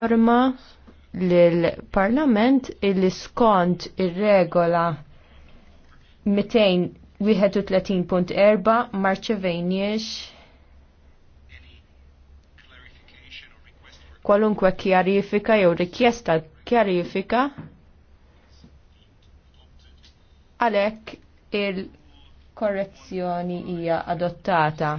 norma l-Parlament illi skont ir-regola 231.4 marċevenjiex kwalunkwe kjarifika jew rikjesta kjarifika għalhekk il-korrezzjoni hija adottata.